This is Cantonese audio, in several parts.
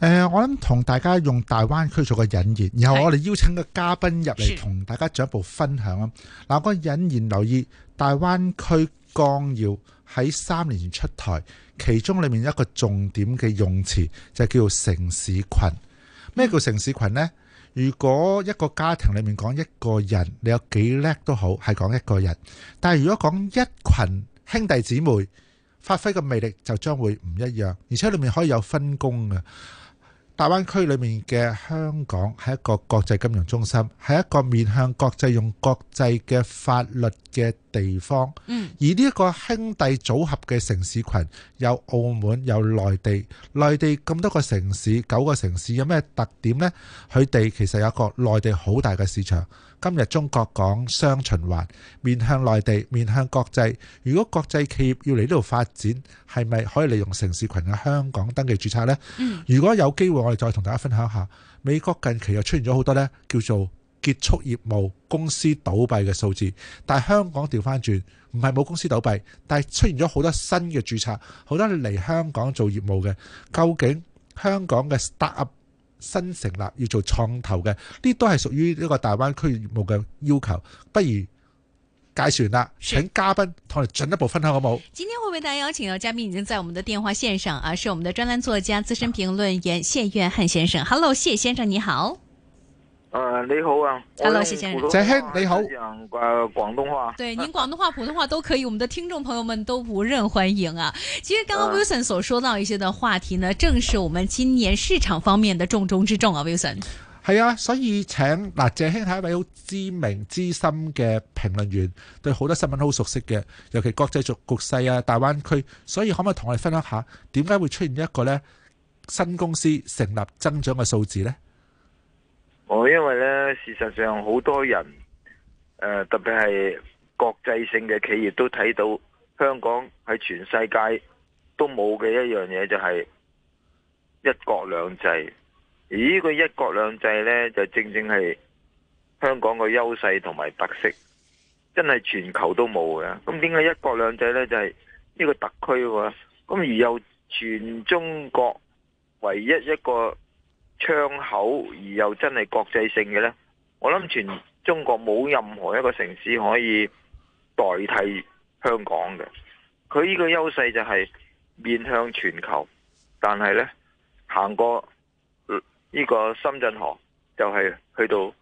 誒、呃，我諗同大家用大灣區做個引言，然後我哋邀請個嘉賓入嚟同大家進一步分享啊！嗱是，個引言留意，大灣區綱要喺三年前出台，其中裏面一個重點嘅用詞就叫做城市群。咩叫城市群呢？如果一個家庭裏面講一個人，你有幾叻都好，係講一個人；但係如果講一群兄弟姊妹，發揮嘅魅力就將會唔一樣，而且裏面可以有分工㗎！大灣區裏面嘅香港係一個國際金融中心，係一個面向國際用國際嘅法律嘅地方。嗯，而呢一個兄弟組合嘅城市群，有澳門，有內地，內地咁多個城市，九個城市有咩特點呢？佢哋其實有一個內地好大嘅市場。今日中國講雙循環，面向內地，面向國際。如果國際企業要嚟呢度發展，係咪可以利用城市羣喺香港登記註冊呢？如果有機會，我哋再同大家分享一下。美國近期又出現咗好多呢，叫做結束業務公司倒閉嘅數字，但係香港調返轉，唔係冇公司倒閉，但係出現咗好多新嘅註冊，好多嚟香港做業務嘅。究竟香港嘅 startup？新成立要做創投嘅，呢啲都係屬於一個大灣區業務嘅要求。不如介紹完啦，請嘉賓同我哋進一步分享好唔好？今天會為大家邀請到嘉賓已經在我們的電話線上啊，是我們的專欄作家、資深評論員謝苑翰先生。Hello，謝先生，你好。誒，你好啊！多 Hello, 謝謝，謝兄你好，誒，廣東話對，您廣東話、廣東話啊、普通話都可以，我們的聽眾朋友們都無任歡迎啊！其實剛剛 Wilson 所說到一些的話題呢，正是我們今年市場方面的重中之重啊，Wilson 係啊，所以請嗱、啊，謝兄係一位好知名資深嘅評論員，對好多新聞好熟悉嘅，尤其國際局局勢啊、大灣區，所以可唔可以同我哋分享下，點解會出現一個呢，新公司成立增長嘅數字呢？我因為呢，事實上好多人，誒特別係國際性嘅企業都睇到香港喺全世界都冇嘅一樣嘢，就係一國兩制。而呢個一國兩制呢，就正正係香港嘅優勢同埋特色，真係全球都冇嘅。咁點解一國兩制呢？就係呢個特區喎。咁而又全中國唯一一個。窗口而又真係國際性嘅呢，我諗全中國冇任何一個城市可以代替香港嘅。佢呢個優勢就係面向全球，但係呢，行過呢個深圳河就係去到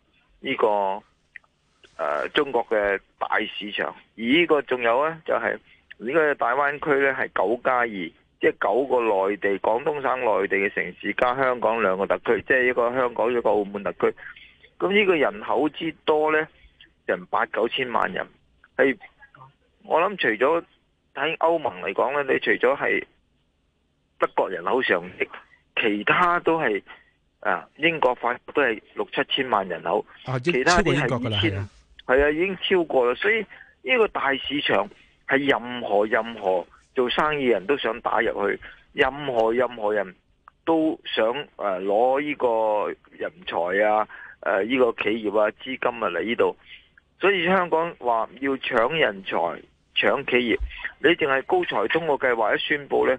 呢個誒中國嘅大市場。而呢個仲有呢，就係呢個大灣區呢係九加二，即係九個內地、廣東省內地嘅城市加香港兩個特區，即係一個香港一個澳門特區。咁呢個人口之多呢，人八九千萬人。係我諗除咗喺歐盟嚟講呢，你除咗係德國人口上億，其他都係啊英國、法國都係六七千萬人口，啊，其他係五千，係啊，啊已經超過啦。所以呢個大市場係任何任何。任何做生意人都想打入去，任何任何人都想誒攞呢個人才啊，誒呢個企業啊、資金啊嚟呢度，所以香港話要搶人才、搶企業，你淨係高才通過計劃一宣布咧，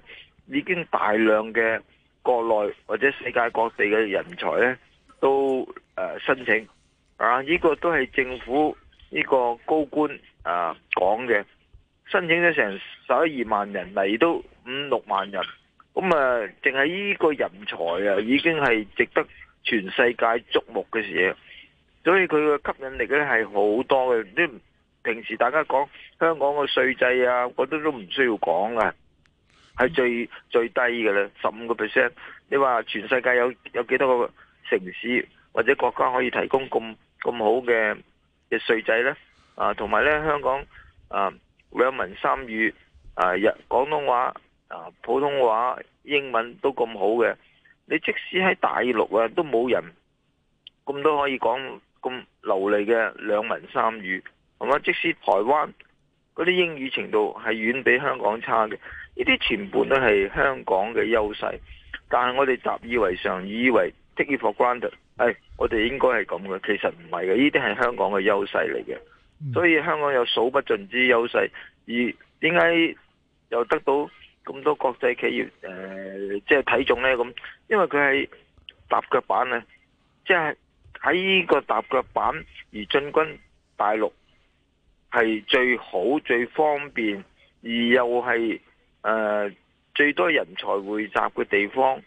已經大量嘅國內或者世界各地嘅人才咧都誒申請啊，呢個都係政府呢個高官啊講嘅。申請咗成十一二萬人嚟，都五六萬人咁啊！淨係呢個人才啊，已經係值得全世界矚目嘅事。所以佢嘅吸引力咧係好多嘅。啲平時大家講香港嘅稅制啊，我覺得都唔需要講啊，係最最低嘅啦，十五個 percent。你話全世界有有幾多個城市或者國家可以提供咁咁好嘅嘅稅制呢？啊，同埋呢，香港啊。兩文三語啊，日廣東話啊，普通話英文都咁好嘅。你即使喺大陸啊，都冇人咁多可以講咁流利嘅兩文三語，係嘛？即使台灣嗰啲英語程度係遠比香港差嘅，呢啲全部都係香港嘅優勢。但係我哋習以為常，以為 take it for granted，係、哎、我哋應該係咁嘅，其實唔係嘅，呢啲係香港嘅優勢嚟嘅。所以香港有數不盡之優勢，而點解又得到咁多國際企業誒，即係睇中呢咁？因為佢係踏腳板啊，即係喺呢個踏腳板而進軍大陸係最好、最方便，而又係誒、呃、最多人才匯集嘅地方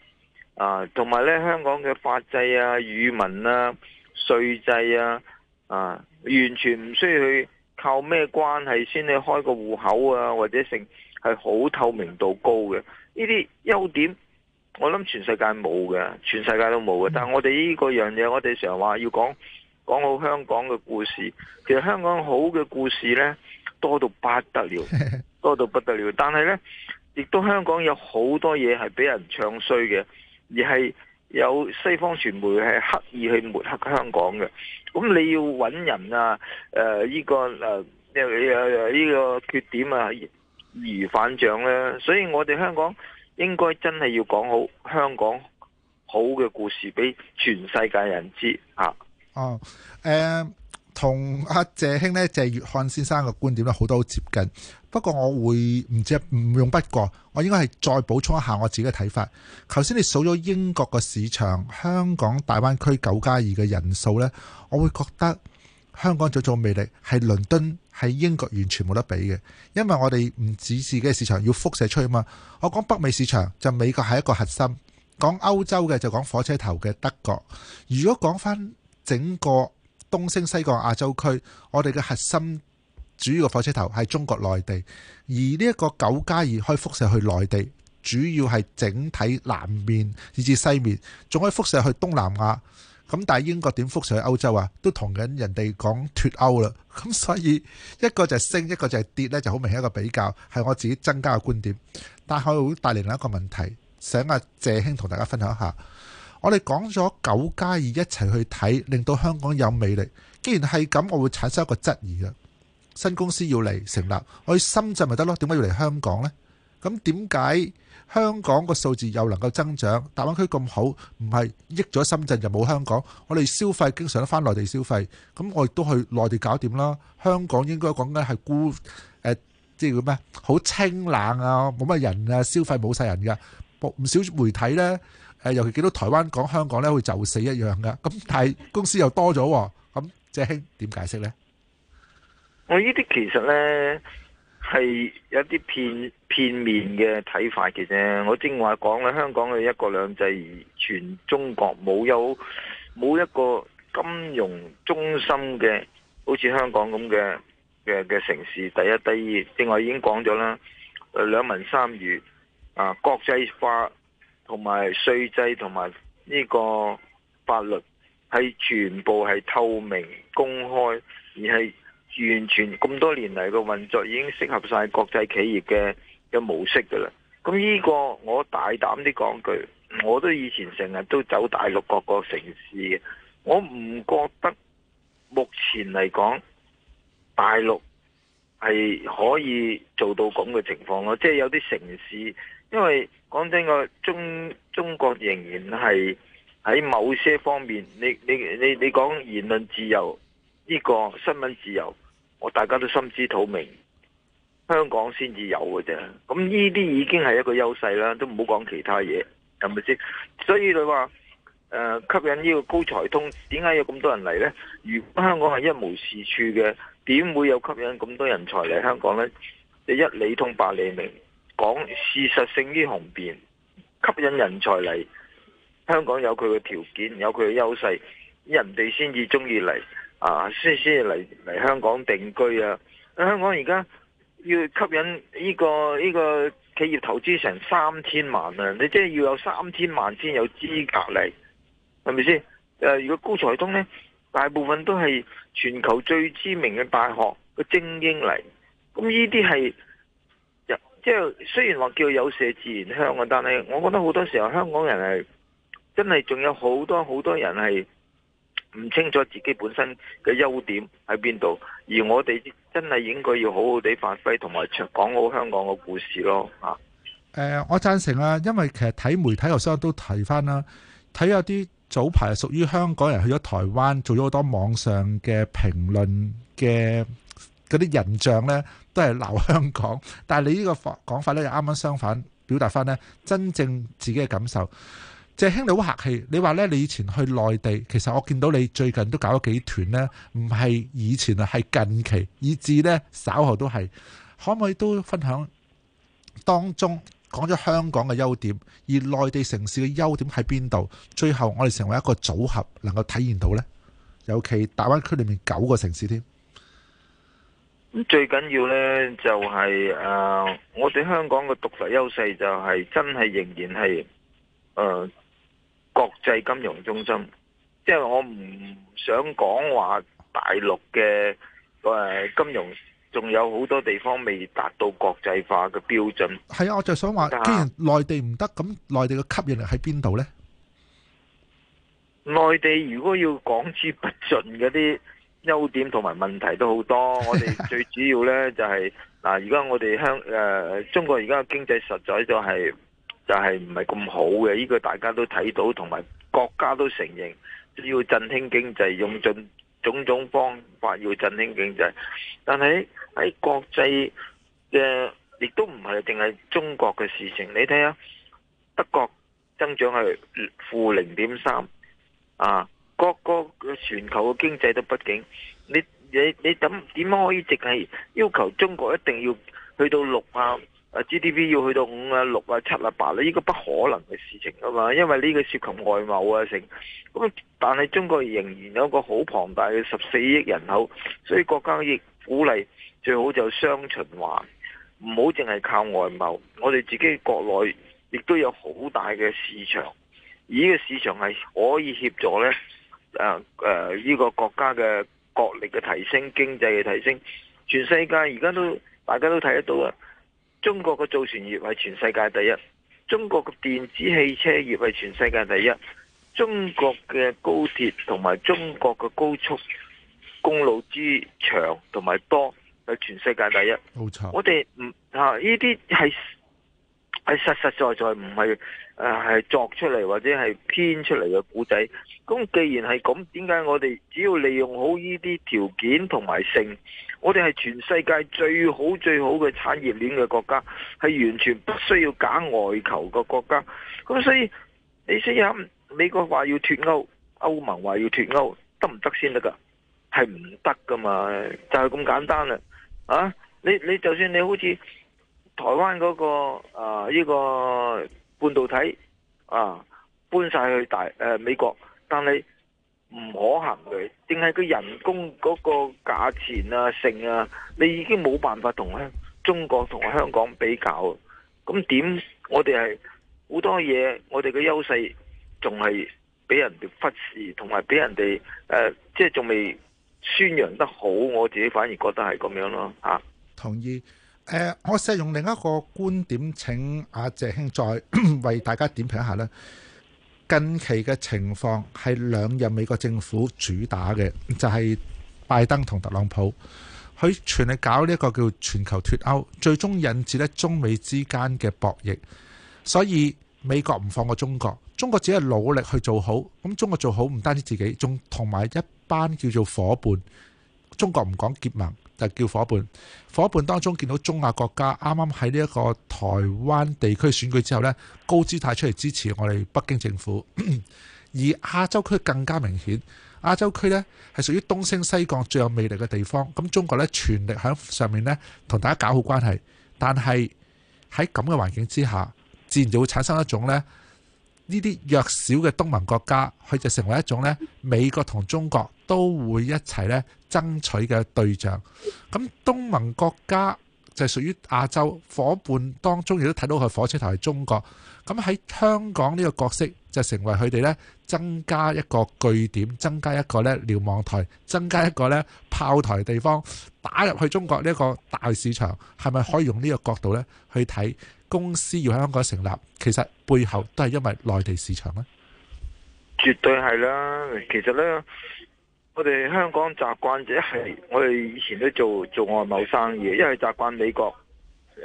啊，同、呃、埋呢，香港嘅法制啊、語文啊、稅制啊啊。呃完全唔需要去靠咩關係先去開個戶口啊，或者成係好透明度高嘅呢啲優點，我諗全世界冇嘅，全世界都冇嘅。但係我哋呢個樣嘢，我哋成日話要講講好香港嘅故事。其實香港好嘅故事咧多到不得了，多到不得了。但係咧，亦都香港有好多嘢係俾人唱衰嘅，而係。有西方傳媒係刻意去抹黑香港嘅，咁你要揾人啊，誒、呃、依、這個誒誒、呃這個缺點啊，易如反掌咧。所以我哋香港應該真係要講好香港好嘅故事俾全世界人知嚇。啊、哦，誒同阿謝兄呢，謝月漢先生嘅觀點咧好多好接近。不過我會唔知唔用不過，我應該係再補充一下我自己嘅睇法。頭先你數咗英國個市場、香港大灣區九加二嘅人數呢，我會覺得香港做做魅力係倫敦係英國完全冇得比嘅，因為我哋唔止自己嘅市場要輻射出去嘛。我講北美市場就美國係一個核心，講歐洲嘅就講火車頭嘅德國。如果講翻整個東升西降亞洲區，我哋嘅核心。主要個火車頭係中國內地，而呢一個九加二可以輻射去內地，主要係整體南面以至西面，仲可以輻射去東南亞。咁但英國點輻射去歐洲啊？都同緊人哋講脫歐啦。咁所以一個就升，一個就跌呢，就好明顯一個比較係我自己增加嘅觀點。但係我會帶嚟另一個問題，想阿謝兄同大家分享一下。我哋講咗九加二一齊去睇，令到香港有魅力。既然係咁，我會產生一個質疑啊。新公司要嚟成立，我去深圳咪得咯？點解要嚟香港呢？咁點解香港個數字又能夠增長？大灣區咁好，唔係益咗深圳就冇香港？我哋消費經常都返內地消費，咁我亦都去內地搞掂啦。香港應該講緊係孤誒，即係叫咩？好清冷啊，冇乜人啊，消費冇晒人噶。唔少媒體呢，誒，尤其見到台灣講香港呢，會就死一樣噶。咁但係公司又多咗喎，咁謝兄點解釋呢？我呢啲其實呢係有啲片面嘅睇法嘅啫。我正話講啦，香港嘅一國兩制，而全中國冇有冇一個金融中心嘅，好似香港咁嘅嘅嘅城市第一、第二。正話已經講咗啦，兩文三語啊，國際化同埋稅制同埋呢個法律係全部係透明公開，而係。完全咁多年嚟嘅運作已經適合晒國際企業嘅嘅模式噶啦。咁呢個我大膽啲講句，我都以前成日都走大陸各個城市嘅，我唔覺得目前嚟講，大陸係可以做到咁嘅情況咯。即係有啲城市，因為講真個中中國仍然係喺某些方面，你你你你講言論自由呢個新聞自由。這個我大家都心知肚明，香港先至有嘅啫。咁呢啲已經係一個優勢啦，都唔好講其他嘢，係咪先？所以你話誒、呃，吸引呢個高才通，點解有咁多人嚟咧？如果香港係一無是處嘅，點會有吸引咁多人才嚟香港咧？一理通百理明，講事實勝於雄辯，吸引人才嚟香港有佢嘅條件，有佢嘅優勢，人哋先至中意嚟。啊，先先嚟嚟香港定居啊。香港而家要吸引呢個呢個企業投資成三千萬啊，你即係要有三千萬先有資格嚟，係咪先？誒，如果高才通呢，大部分都係全球最知名嘅大學嘅精英嚟，咁呢啲係即係雖然話叫有社自然香啊，但係我覺得好多時候香港人係真係仲有好多好多人係。唔清楚自己本身嘅優點喺邊度，而我哋真係應該要好好地發揮同埋講好香港嘅故事咯。啊，誒，我贊成啊，因為其實睇媒體，啱先我都提翻啦，睇下啲早排屬於香港人去咗台灣做咗好多網上嘅評論嘅嗰啲人像咧，都係鬧香港。但係你呢個講法咧，又啱啱相反，表達翻咧真正自己嘅感受。謝兄，你好客氣。你話呢，你以前去內地，其實我見到你最近都搞咗幾團呢，唔係以前啊，係近期，以至呢，稍後都係，可唔可以都分享當中講咗香港嘅優點，而內地城市嘅優點喺邊度？最後我哋成為一個組合，能夠體現到呢，尤其大灣區裏面九個城市添。最緊要呢、就是，就係誒，我哋香港嘅獨特優勢就係、是、真係仍然係誒。呃國際金融中心，即係我唔想講話大陸嘅金融，仲有好多地方未達到國際化嘅標準。係啊，我就想話，但既然內地唔得，咁內地嘅吸引力喺邊度呢？內地如果要講之不盡嗰啲優點同埋問題都好多， 我哋最主要呢、就係，就係嗱，而家我哋香誒中國而家嘅經濟實在就係。就係唔係咁好嘅，呢個大家都睇到，同埋國家都承認要振興經濟，用盡種種方法要振興經濟。但係喺國際嘅，亦都唔係淨係中國嘅事情。你睇下德國增長係負零點三啊，各個嘅全球嘅經濟都不景。你你你咁點樣可以淨係要求中國一定要去到六啊？啊，GDP 要去到五啊、六啊、七啊、八咧，呢個不可能嘅事情啊嘛，因為呢個涉及外貿啊成。咁但係中國仍然有一個好龐大嘅十四億人口，所以國家亦鼓勵最好就雙循環，唔好淨係靠外貿。我哋自己國內亦都有好大嘅市場，而呢個市場係可以協助咧，誒誒呢個國家嘅國力嘅提升，經濟嘅提升。全世界而家都大家都睇得到啊！中國嘅造船業係全世界第一，中國嘅電子汽車業係全世界第一，中國嘅高鐵同埋中國嘅高速公路之長同埋多係全世界第一。冇錯。我哋唔吓呢啲係。係實實在在唔係誒，係、啊、作出嚟或者係編出嚟嘅故仔。咁既然係咁，點解我哋只要利用好呢啲條件同埋性，我哋係全世界最好最好嘅產業鏈嘅國家，係完全不需要假外求嘅國家。咁所以你先諗，美國話要脫歐，歐盟話要脫歐，得唔得先得㗎？係唔得㗎嘛？就係、是、咁簡單啦。啊，你你就算你好似。台灣嗰、那個呢依、啊這個半導體啊搬晒去大誒、啊、美國，但係唔可行嘅，定係佢人工嗰個價錢啊、性啊，你已經冇辦法同香中國同香港比較。咁點我哋係好多嘢，我哋嘅優勢仲係俾人哋忽視，同埋俾人哋誒即係仲未宣揚得好。我自己反而覺得係咁樣咯，嚇同意。呃、我試用另一個觀點，請阿謝兄再 為大家點評一下咧。近期嘅情況係兩任美國政府主打嘅，就係、是、拜登同特朗普，佢全力搞呢一個叫全球脫歐，最終引致咧中美之間嘅博弈。所以美國唔放過中國，中國只係努力去做好。咁中國做好唔單止自己，仲同埋一班叫做伙伴。中國唔講結盟。就叫伙伴，伙伴當中見到中亞國家啱啱喺呢一個台灣地區選舉之後咧，高姿態出嚟支持我哋北京政府，而亞洲區更加明顯，亞洲區咧係屬於東升西降最有魅力嘅地方，咁中國咧全力響上面咧同大家搞好關係，但係喺咁嘅環境之下，自然就會產生一種咧呢啲弱小嘅東盟國家，佢就成為一種咧美國同中國都會一齊咧。爭取嘅對象，咁東盟國家就係屬於亞洲伙伴當中，亦都睇到佢火車頭係中國。咁喺香港呢個角色就成為佢哋呢增加一個據點，增加一個呢瞭望台，增加一個呢炮台地方打入去中國呢個大市場，係咪可以用呢個角度呢去睇公司要喺香港成立，其實背後都係因為內地市場呢？絕對係啦，其實呢。我哋香港習慣者係，我哋以前都做做外貿生意，一係習慣美國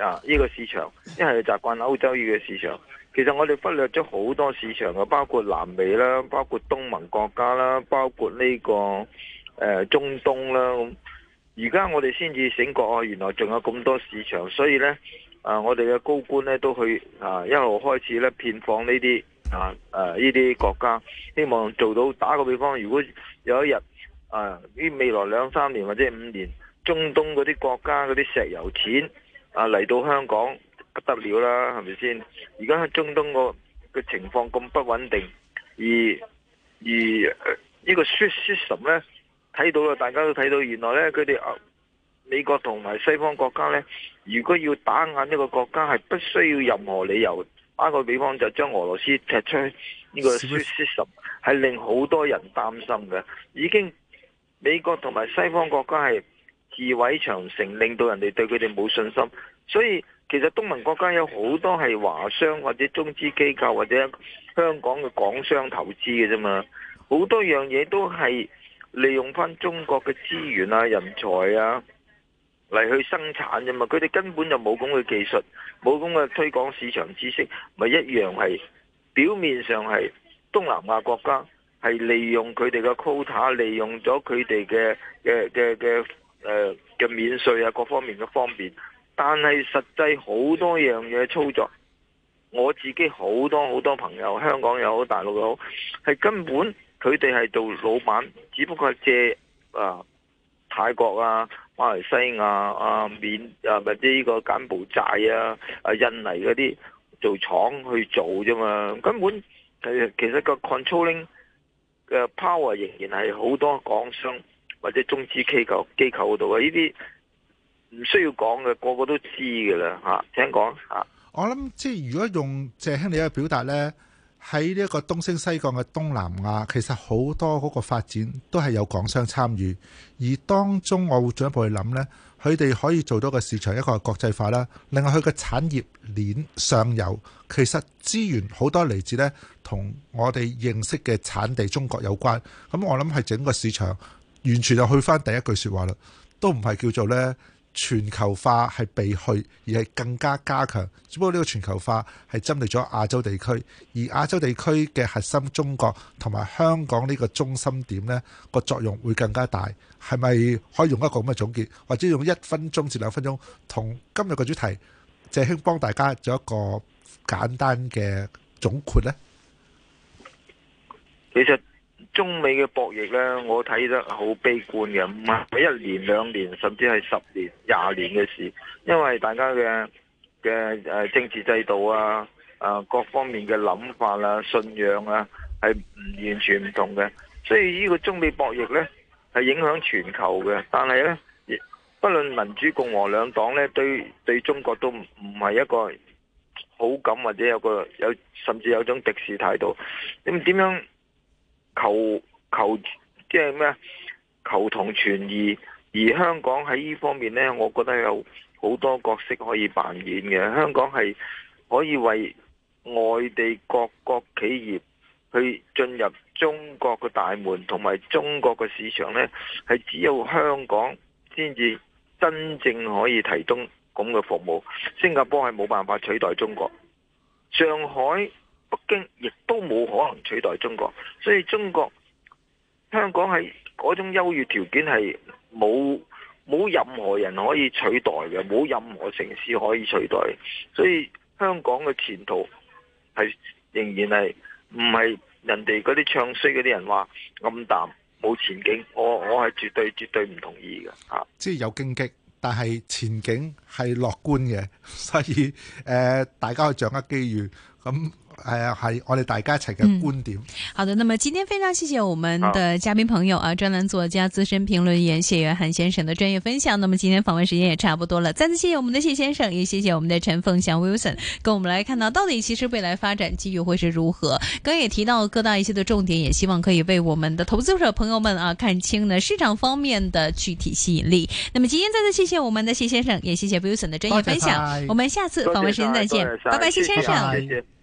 啊呢個市場，一係習慣歐洲呢個市場。其實我哋忽略咗好多市場嘅，包括南美啦，包括東盟國家啦，包括呢、這個誒、呃、中東啦。而家我哋先至醒覺啊，原來仲有咁多市場。所以呢，啊、呃，我哋嘅高官呢都去啊、呃、一路開始咧遍訪呢啲啊誒呢啲國家，希望做到打個比方，如果有一日。啊！於未來兩三年或者五年，中東嗰啲國家嗰啲石油錢啊嚟到香港不得了啦，係咪先？而家喺中東個嘅情況咁不穩定，而而呢、這個 SWIFT system 呢，睇到啦，大家都睇到原來呢，佢哋、啊、美國同埋西方國家呢，如果要打壓一個國家，係不需要任何理由。打個比方就將俄羅斯踢出呢、這個 SWIFT system，係令好多人擔心嘅，已經。美國同埋西方國家係自毀長城，令到人哋對佢哋冇信心。所以其實東盟國家有好多係華商或者中資機構或者香港嘅港商投資嘅啫嘛。好多樣嘢都係利用返中國嘅資源啊、人才啊嚟去生產啫嘛。佢哋根本就冇咁嘅技術，冇咁嘅推廣市場知識，咪一樣係表面上係東南亞國家。係利用佢哋嘅 quota，利用咗佢哋嘅嘅嘅嘅誒嘅免稅啊，各方面嘅方便。但係實際好多樣嘢操作，我自己好多好多朋友，香港又好，大陸又好，係根本佢哋係做老闆，只不過係借啊泰國啊、馬來西亞啊、緬啊或者呢個柬埔寨啊、啊印尼嗰啲做廠去做啫嘛。根本其實其實個 controlling 嘅 power 仍然係好多港商或者中資機構機構嗰度嘅，呢啲唔需要講嘅，個個都知嘅啦嚇。請講嚇，啊、我諗即係如果用謝兄你嘅表達咧，喺呢一個東升西降嘅東南亞，其實好多嗰個發展都係有港商參與，而當中我會進一步去諗咧。佢哋可以做到個市場，一個係國際化啦。另外佢嘅產業鏈上游其實資源好多嚟自呢，同我哋認識嘅產地中國有關。咁我諗係整個市場完全就去翻第一句説話啦，都唔係叫做呢。全球化係被去，而係更加加強。只不過呢個全球化係針對咗亞洲地區，而亞洲地區嘅核心中國同埋香港呢個中心點呢個作用會更加大。係咪可以用一個咁嘅總結，或者用一分鐘至兩分鐘，同今日嘅主題，謝兄幫大家做一個簡單嘅總括呢？其實中美嘅博弈呢，我睇得好悲觀嘅，唔係一年兩年，甚至係十年。廿年嘅事，因為大家嘅嘅誒政治制度啊，啊各方面嘅諗法啊，信仰啊，係唔完全唔同嘅，所以呢個中美博弈咧，係影響全球嘅。但係咧，不論民主共和兩黨咧，對對中國都唔係一個好感，或者有個有甚至有種敵視態度。咁點樣求求即係咩啊？求同存異。而香港喺呢方面呢，我覺得有好多角色可以扮演嘅。香港係可以為外地各國企業去進入中國嘅大門同埋中國嘅市場呢，係只有香港先至真正可以提供咁嘅服務。新加坡係冇辦法取代中國，上海、北京亦都冇可能取代中國，所以中國香港係嗰種優越條件係。冇冇任何人可以取代嘅，冇任何城市可以取代嘅，所以香港嘅前途係仍然係唔係人哋嗰啲唱衰嗰啲人話暗淡冇前景，我我係絕對絕對唔同意嘅，吓，即係有荊棘，但係前景係樂觀嘅，所以誒、呃、大家去掌握機遇咁。哎呀，係我哋大家一齊嘅觀點。嗯。好的，那麼今天非常謝謝我們的嘉賓朋友啊，專欄、啊、作家、資深評論員謝元漢先生的專業分享。那麼今天訪問時間也差不多了，再次謝謝我們的謝先生，也謝謝我們的陳鳳祥 Wilson，跟我們來看到到底其實未來發展機遇會是如何。剛也提到各大一些的重點，也希望可以為我們的投資者朋友們啊看清呢市場方面的具體吸引力。那麼今天再次謝謝我們的謝先生，也謝謝 Wilson 的專業分享。我們下次訪問時間再見，拜拜，謝先生。